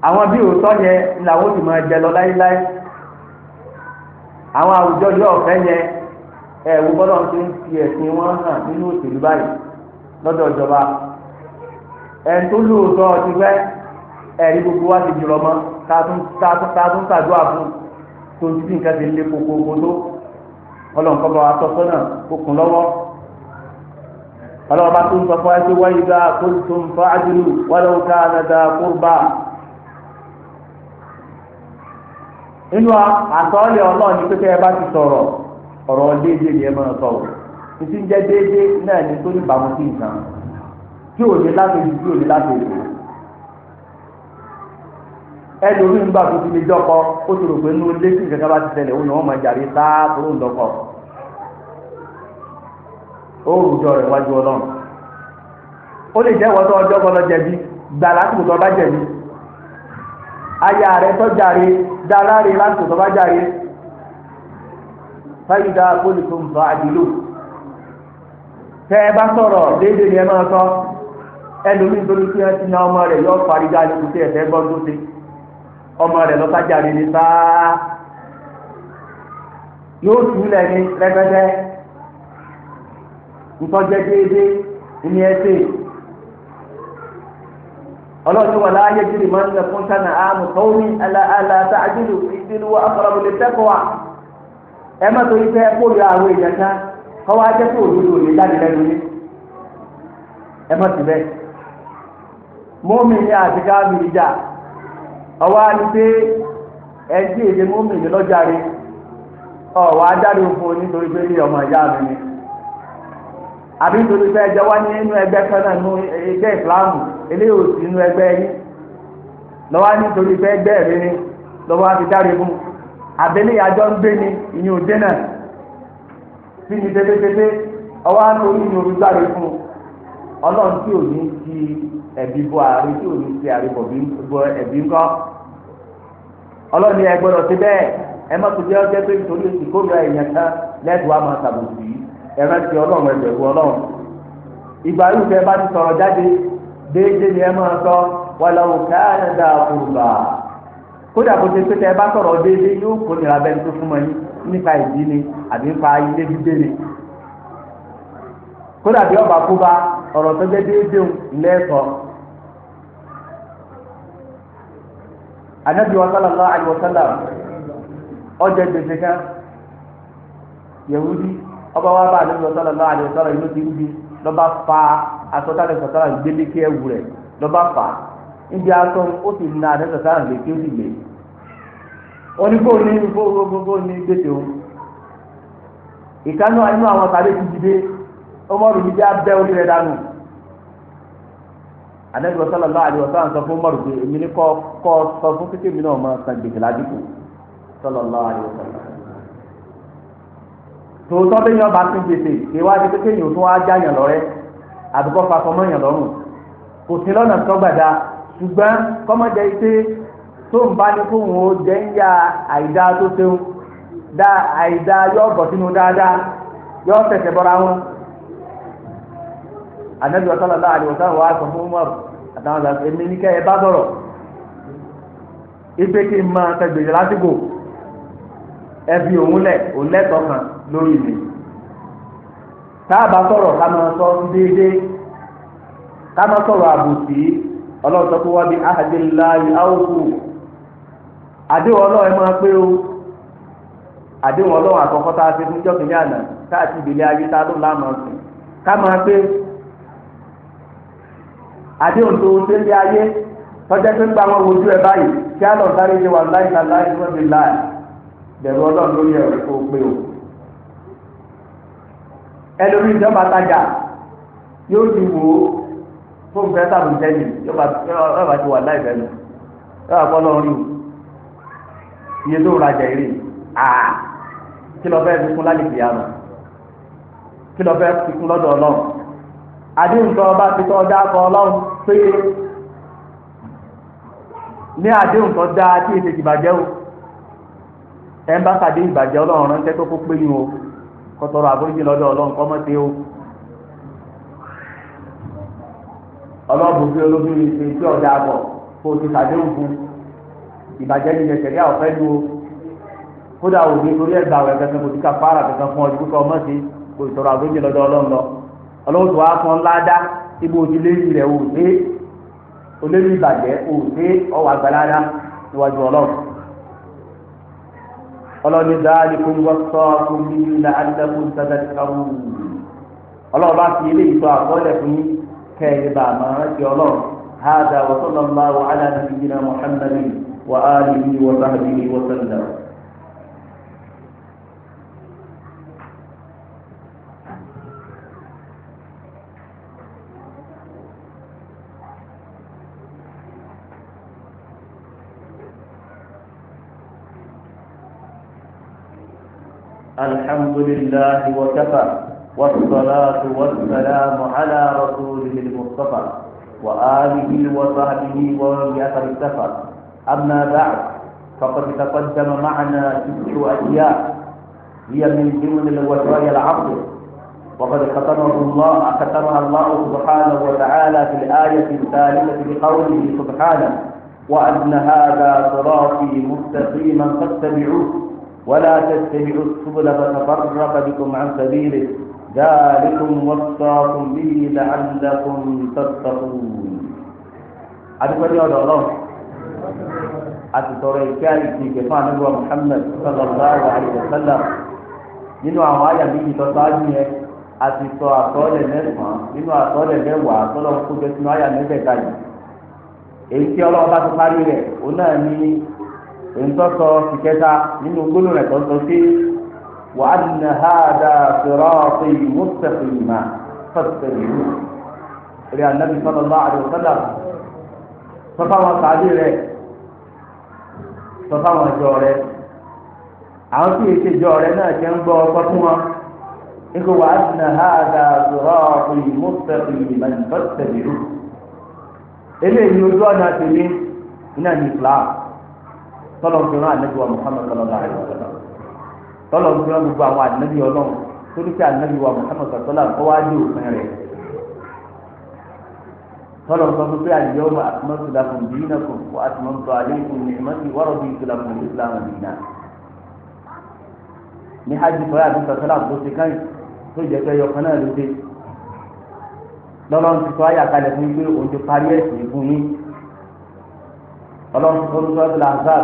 àwọn bí òótọ́ yẹn ni làwọn ti mọ ẹjẹ lọ láíláí àwọn àwùjọ yọ ọ̀fẹ́ yẹn ẹ bọ́lá ti ń fi ẹ̀sìn wọn hàn nínú báyìí lọ́dọ̀ ìjọba ọtí fẹ́ ẹ̀rí gbogbo wa ti jùlọ mọ́ ká ọlọ́nkọ́ bá wa tọ́kọ́ náà kó kún lọ́wọ́ ọlọ́wọ́ bá tó ń sọ fún ẹsẹ̀ wáyé bá kó tó ń fa àdìrú wàlẹ́ inú àtọ́lẹ̀ ní ẹ bá ti sọ̀rọ̀ ọ̀rọ̀ déédéé ni ẹ máa sọ títí ń jẹ́ déédéé náà ní ẹlòmí ń gbà tó ti lè jọkọ ó ti rò pé inú lẹ́sìn kankan bá ti tẹ̀lé òun náà máa jàre sáà tó ń dọkọ ó rùjọ rẹ̀ wájú ọlọ́run ó lè ọjọ́ gbọ́dọ̀ jẹ̀bi gbà aya rẹ̀ tó jàre dá láre lásìkò tó bá jàre ń bá ẹ bá sọ̀rọ̀ déédéé ni ẹ máa sọ ẹ ti ọmọ rẹ̀ yọ ọmọ rẹ̀ lọ́sájà rí ni sáá yóò túlẹ̀ ní rẹ́gbẹ́dẹ́ ntọ́jẹ́ déédéé ní ẹsẹ̀ ọlọ́run wà láàyè jírí máa ń lè fún sànà àmù tóní àlàálà tààjìlù ìdílù wa akọ̀rọ̀bù lè tẹ́kọ̀ọ́ wa ẹ má torí pé kóòlù àwọn èèyàn kan kọ́ wá jẹ́ kóòlù lòlè jáde lẹ́nu yìí ẹ má ti bẹ́ẹ̀ mọ́mí ni àti káàmì ìjà. ọwá á ní pé ẹtí èdè mọ́mìnì lọ́jàre ọ̀wọ́ ajáde fún un pé ní ọmọ ìyá mi ni àbí nítorí pé ẹjọ́ wá nínú ẹgbẹ́ kan nínú ẹgbẹ́ ìsìláàmù eléyìí nínú ẹgbẹ́ yín lọ́wọ́ nítorí pé ẹgbẹ́ ni lọ́wọ́ á fi jáde fún ni ìyún òde náà ni pépépépé jáde fún ọlọ́run tí ò ní ti ẹ̀bí bọ́ àrí tí ò ọlọ́run ni ẹ gbọ́dọ̀ ti bẹ́ẹ̀ ẹ má tó jẹ́ ọjọ́ pé nítorí oṣù kórìíra èèyàn kan lẹ́ẹ̀tì wa máa ṣàbòsí ẹ rántí ọlọ́run ẹgbẹ̀rún ọlọ́run ìgbà yóò fẹ́ bá ti sọ̀rọ̀ jáde déédéé ni ẹ máa sọ wàlàwò káàdà kùrùbà kódà kò ṣe pé tẹ ẹ bá sọ̀rọ̀ déédéé yóò kórìíra bẹ́ẹ̀ tó fún mọ́ nípa ìdí ni àbí nípa ilé gbígbé ni kódà bí ọba anabi wa sallallahu alayhi wa sallam ọjà gbèsè kan yahudi ọba wa bá anabi wa sallallahu alayhi wa sallam inú ti ń bi lọba fa asọtálẹ sọtálẹ gbélé rẹ lọba fa asọ ó na anabi sọtálẹ gbé ó sì gbé onígbò ní gbogbogbò ní gbèsè o ìkànnì àwọn ti dìde ọmọ rẹ anabi wa sallallahu alayhi wa sallam sọ fún mọ̀rù pé èmi ní kọ́ kọ́ sọ fún kékeré mi náà máa san gbèsè ládìkù sallallahu alayhi wa sallam. tòótọ́ bí yan bá tún gbèsè ìwádìí kékeré yìí tún wá já yàn lọ́rẹ́ àdúgbò fasọmọ yàn lọ́rùn kò sí lọ́nà sọ́gbàdá ṣùgbọ́n kọ́mọdé pé tó ń bá ní fóun ó jẹ́ ń ya àìdá tó ṣeun dá àìdá yọ bọ̀ sínú dáadáa yọ tẹ̀sẹ̀ bọ́ra wọn anabi ọsọlọ náà àdìwọsọ àwọn àṣọ fún umar àtàwọn àṣọ èmi ní kẹ ẹ bá sọ̀rọ̀ ipe kí n máa tẹ gbèsè lásìkò ẹ fi òun lẹ òun lẹtọọ kan lórí mi táàbà sọ̀rọ̀ ká máa sọ déédéé ká máa sọ̀rọ̀ àbùsí ọlọ́run sọ fún wa bíi ahadillahi awuku àdéhùn ọlọ́run ẹ máa àdéhùn ọlọ́run àkọ́kọ́ tá a ṣe fún jọ́kìnrin àná tá a ti ìbílẹ̀ ayé tá a ló láàmú ọ̀sìn ká àdéhùn tó ṣe ń lé ayé tọ́jà tó ń gba àwọn ojú ẹ báyìí kí á lọ sáré ṣe wà láì ká láì fún mi láì bẹ̀rù ọlọ́run lórí ẹ̀rọ tó pé o. ẹlòmí ìjọba tajà yóò ti wò ó fún fẹ́ sàbùn tẹ́lẹ̀ yọba ti wà láì fẹ́ lọ yọba kọ́ lọ́ọ́ rí o iye tó rajà eré àá kí lọ fẹ́ fi kún lálẹ́ ìyá kí lọ fẹ́ fi lọ́dọ̀ ọlọ́run àdéhùn tó ọba ti tọ́ ọjà kọ ọlọ́run pé ní àdéhùn tó dáa tí èsè ti bàjẹ́ o ẹ ń bá sàdé ìbàjẹ́ ọlọ́run ránṣẹ́ tó kó pé yín o kó tọrọ àforíjì lọ́dọ̀ ọlọ́run kọ́ mọ́ o. ọlọ́run fi olóbi mi ṣe tí ọ̀dà àbọ̀ kó o ti sàdéhùn fún ìbàjẹ́ ní ìṣẹ̀lẹ̀ ní àwọ̀fẹ́ ni o kódà òbí torí ẹ̀gbà rẹ̀ kankan kò sí ká fara kankan fún ọdún kó ọmọ ṣe kó ìtọrọ àforíjì lọ́dọ̀ ọlọ́run lọ ọlọ́run tó wá fún ibo òtílé rẹ̀ ò dé olórí ìbàjẹ́ ò dé ọwọ́ àgbàlára níwájú ọlọ́run ọlọ́ni dáálí kó ń gbọ́ sọ kó ń bí ilà àdàkùn sàdàkì kàrún ọlọ́run bá fi ilé ìtọ́ àkọọ́lẹ̀ fún kẹ́ẹ̀ẹ́ bá a ọlọ́run hádà wàsálàmù aláàbí yìí náà Muhammadin wa alihi wa الحمد لله وكفى والصلاة والسلام على رسوله المصطفى وآله وصحبه ومن يأثر اكتفى أما بعد فقد تقدم معنا ست أشياء هي من جمل الوسواية العقل وقد ختمه الله ختمها الله سبحانه وتعالى في الآية الثالثة بقوله سبحانه وأن هذا صراطي مستقيما فاتبعوه ولا تتبعوا السبل فتفرق بكم عن سبيله ذلكم وصاكم به لعلكم تتقون adúgbòdì ọ̀dọ̀ ọlọ́run àtìtọ̀rọ̀ ìkẹ́ àìsí ìgbẹ̀fọ́ àdúgbò Muhammad sallallahu alaihi wasallam nínú àwọn àyà méjì tó sáájú yẹn àtìtọ̀ àtọ́lẹ̀ mẹ́sàn-án nínú àtọ́lẹ̀ mẹ́wàá àtọ́lọ̀ kó jẹ́ sínú àyà mẹ́fẹ̀ẹ́ta yìí èyí tí ọlọ́run bá ti parí rẹ̀ òun náà ní ìtọ́sọ ìkẹta nínú gbólóhùn rẹ̀ tọ́sọ sí wà á nà ha dà sọ̀rọ̀ pé mọ́tẹ́fì mà fẹ́fẹ́ ìlú rí anabi sọlọ bá àdìo sọlá sọfà wọn sàdí rẹ sọfà wọn jọ rẹ àwọn tí èsì jọ rẹ náà jẹ́ ń gbọ́ ọkọ fún wọn nígbà wà á nà ha dà sọ̀rọ̀ pé mọ́tẹ́fì mà fẹ́fẹ́ ìlú eléyìí ojú ọ̀nà tèmi iná ní fúláwà tọ́lọ̀ ń fi wa Muhammad sallallahu alaihi wasallam tọ́lọ̀ ń fi rán gbogbo àwọn ànábì ọlọ́run torí pé wa Muhammad sallallahu alaihi wasallam wá dé òfin rẹ̀ tọ́lọ̀ ń sọ fún pé àyẹ̀wò ma wa àtúmọ̀tò alaykum ni'mati wa raditu lakum al-islamu dinan ní hajj fọlá àti sọ̀tọ́lá tó ti káyìn tó jẹ́ pé ọkàn náà ló dé lọ́lọ́run ti sọ ayà kalẹ̀ fún ti parí ẹ̀sìn ọlọ́run tó ń sọ́dọ̀ làǹzà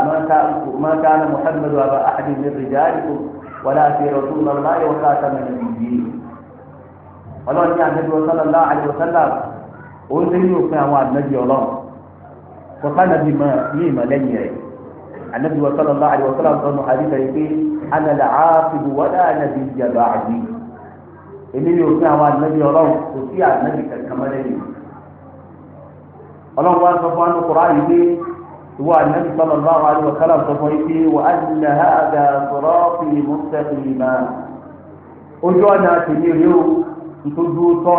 máa ká ní muhammed wa bá àdì ní rìjáàlìkù wàlá àti rọ̀tún náà láyé wọ́n ká sàmì ní ìdí. ọlọ́run ní àdébí wọn sọ́dọ̀ láà àdébí wọn sọ́dọ̀ ó ń lé ní òfin àwọn ànábì ọlọ́run kò ká nàbí mọ́ ní ìmọ̀lẹ́yìn rẹ̀ ànábì wọn sọ́dọ̀ láà àdébí wọn sọ́dọ̀ sọ́nu àdìgbà yìí pé ànàlà àáfìbù wọ́dà ànábì ìjàdọ̀ àdì èmi ní òfin àwọn ànábì ọlọ́run kò sí ànábì kankan mọ́lẹ́yìn ọlọ́run wá sọ fún àwọn kùrọ̀ àyè pé هو النبي صلى الله عليه وسلم تطيبه وأن هذا صراطي مستقيما أجوانا تنيريو تدوتو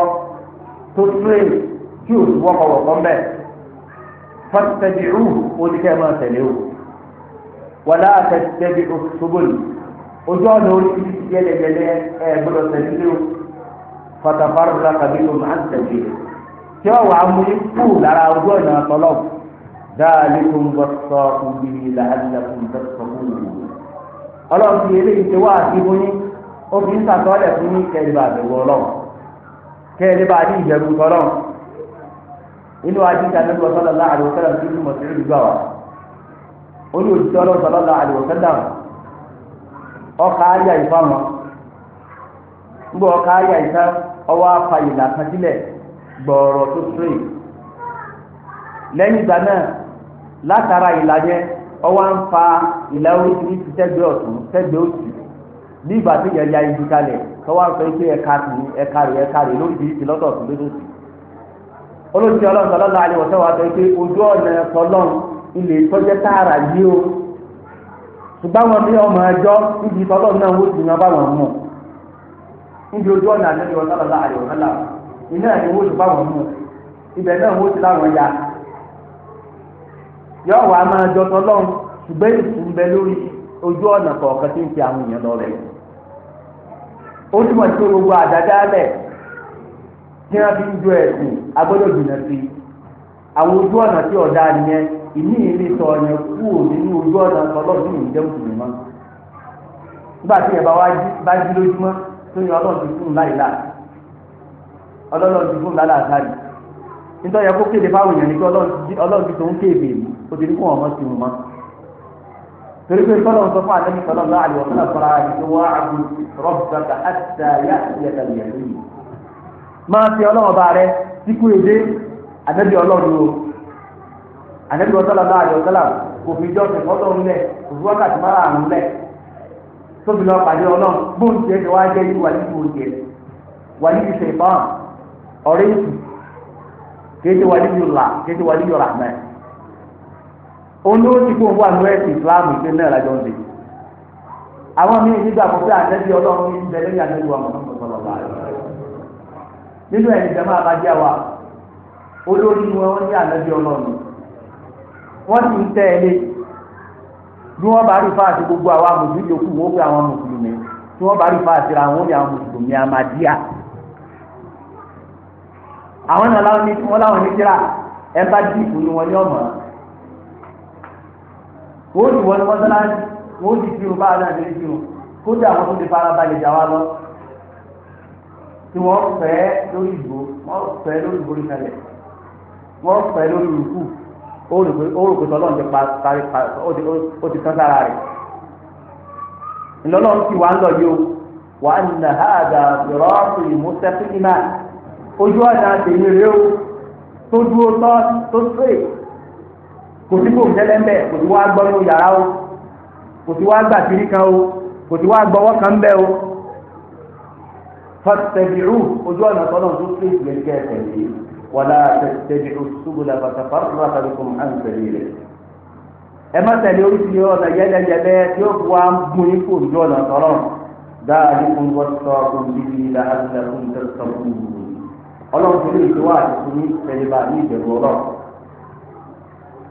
تسري كيوس وقع وقمع فاتبعوه ولكما تليوه ولا تتبعوا السبل أجوانا يلي يلي أبدا تليو فتفرق بكم عن سبيله tí wọ́n wàá mú ikú dáàlékún bọ́sọ̀ òbí làálàkùn tọ́kùn. ọlọ́run ti eléyìí ti wá àdìbò yín obìnrin sàtọ́lẹ̀ fún yín kẹ́lẹ́bà àbẹ̀wò ọlọ́run kẹ́lẹ́bà ní ìjẹ̀bù tọ́lọ́run. inú àdìsá ní wọ́n sọ́lá láàrin òṣèlú tí mo ti rí gbà wá. olú òṣìṣẹ́ ọlọ́run sọ́lá láàrin òṣèlú ọkà ayà ìfọ̀mọ́ gbọ́ ọkà ayà ìfẹ́ ọwọ́ apá ìlà kan sílẹ̀ gbọ̀ọ̀rọ̀ tó tún ìgbà náà látara ìlà yẹn ń fa ìlà oríṣiríṣi tẹ́gbẹ́ ọ̀tún tẹ́gbẹ́ òsì ní ìgbà tí ya ibi kalẹ̀ tọ́wọ́ àgbẹ̀ pé ẹ̀ka rè ẹ̀ka rè ẹ̀ka rè lóríṣiríṣi lọ́tọ̀ọ̀tún lóṣooṣù olóṣèlú ọlọ́run sọlọ́lá àlẹ́ wọ́n àtọ́ pé ojú ọ̀nà tààrà yí o ṣùgbọ́n wọn bí ọmọ ẹjọ́ náà ti yan báwọn ojú ọ̀nà yọ wàá máa jọ tọlọ́run ṣùgbọ́n ìsìn ń bẹ lórí ojú ọ̀nà kọ̀ọ̀kan tí ń fi àwọn èèyàn lọ rẹ̀ ó túmọ̀ sí gbogbo àdádálẹ̀ tí wọ́n fi ń jọ ẹ̀sìn agbọ́dọ̀ jìnnà sí i àwọn ojú ọ̀nà tí nìyẹn ìní nínú ojú ọ̀nà ìjẹ́ mọ́ nígbà tí ẹ̀ bá jí lójúmọ́ tó yẹ ọlọ́run ti fún un ọlọ́run ti fún ó ti ní kó wọn mọ́ sí wọn mọ́ torí pé sọ́dọ̀ ń sọ fún àlẹ́ sọ́dọ̀ ńlá àlè wọ́n fúnra rẹ̀ ní wọ́n àbú rọ́bùsọ̀tà àtà yá ìyàtà ìyàtà yìí máa fi ọlọ́wọ́ bá rẹ síkú èdè ànábì ọlọ́run o ànábì ọ̀sọ́lá ńlá àlè ọ̀sọ́lá kò fi jọ́ ṣe fọ́tọ̀ ńlẹ̀ kò fi wákàtí mára àrùn lẹ̀ tóbi lọ pàdé ọlọ́run bóńtì ẹ̀ṣẹ̀ wá jẹ́ ìlú olóòtú kò wà lóyè ìsìlámù ìpín náà lájọ ń dèjì àwọn míì nígbà kan pé àtẹ́bí ọlọ́run ní ìbẹ̀rẹ̀ ní àtẹ́bí wa mọ̀tò sọ̀rọ̀ báyìí nínú ẹ̀yìn jẹ́ máa bá jẹ́ wa olórí ni wọ́n ní àtẹ́bí ọlọ́run wọ́n ti ń tẹ́ ẹ lé bí wọ́n bá rí fáàsì gbogbo àwa mùsùlùmí yòókù wọ́n pé àwọn mùsùlùmí tí wọ́n bá rí fáàsì ra wọ́n ní àwọn mùsùlùmí amadíà àwọn náà láwọn ní kíra ẹ bá dìbò ni wọ́n ní ọ̀mọ́ wọ́n ti wọ́n mọ́sálásí wọ́n ti kírun báwa náà ti rí kírun kódà wọ́n tún ti fara balẹ̀ jà wá lọ tí wọ́n fẹ́ lórí ìbò wọ́n fẹ́ lórí ìbò ìkàlẹ̀ wọ́n fẹ́ lórí ìrùkù ti pa parí ó ti tán sára rẹ̀ ìlọ́lọ́run ti wà ń lọ o wà á nà á ojú kò sí fóònù tẹ́lẹ̀ ń bẹ̀ kò sí wá gbọ́ nínú yàrá o kò sí wá gbà kiri kan o kò sí wá gbọ́wọ́ kan bẹ́ o fọ́tẹ̀bìrú ojú ọ̀nà tọ́lọ̀ tó ṣe ìgbẹ́ kẹ́ tẹ̀lé wàlá tẹ̀bìrú ṣubúlà bàtà fárúrà tàbí kò hàn tẹ̀lé rẹ̀. ẹ má tẹ̀lé oríṣiríṣi ọ̀nà yẹ́lẹ́yẹ́lẹ́ tí ó wá ń mú ní kó ojú ọ̀nà tọ́lọ̀ dáàbí fún wọ́sọ̀ òbíbi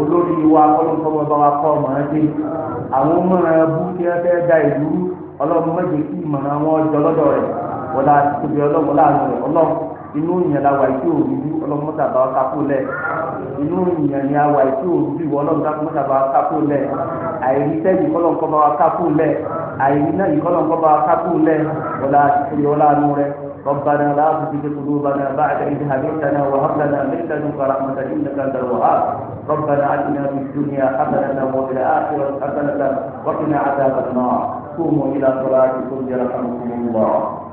olórí wa kọ́lọ́kọ́lọ́ bá wa kọ́ ọmọ ẹgbẹ́ àwọn ọmọ rẹ bú kí wọ́n fẹ́ da ìlú ọlọ́run méje kí ìmọ̀ràn wọn jọ lọ́dọ̀ rẹ̀ wọlá tóbi ọlọ́run láàánú rẹ̀ ọlọ́run inú ìyẹn la wà tí òru bí ọlọ́run mọ́tà bá wa kápó lẹ̀ inú ìyẹn ni a wà tí òru bí ọlọ́run mọ́tà bá wa kápó lẹ̀ àìrí sẹ́yìn kọ́lọ́kọ́ bá wa kápó lẹ̀ àìrí náà ìkọ́lọ́kọ́ bá wa kápó lẹ̀ wọlá tóbi ọlọ́run rẹ̀ ربنا لا تزغ قلوبنا بعد إذ هديتنا وهب لنا من لدنك رحمة إنك أنت الوهاب ربنا آتنا في الدنيا حسنة وفي الآخرة حسنة وقنا عذاب النار قوموا إلى صلاتكم يرحمكم الله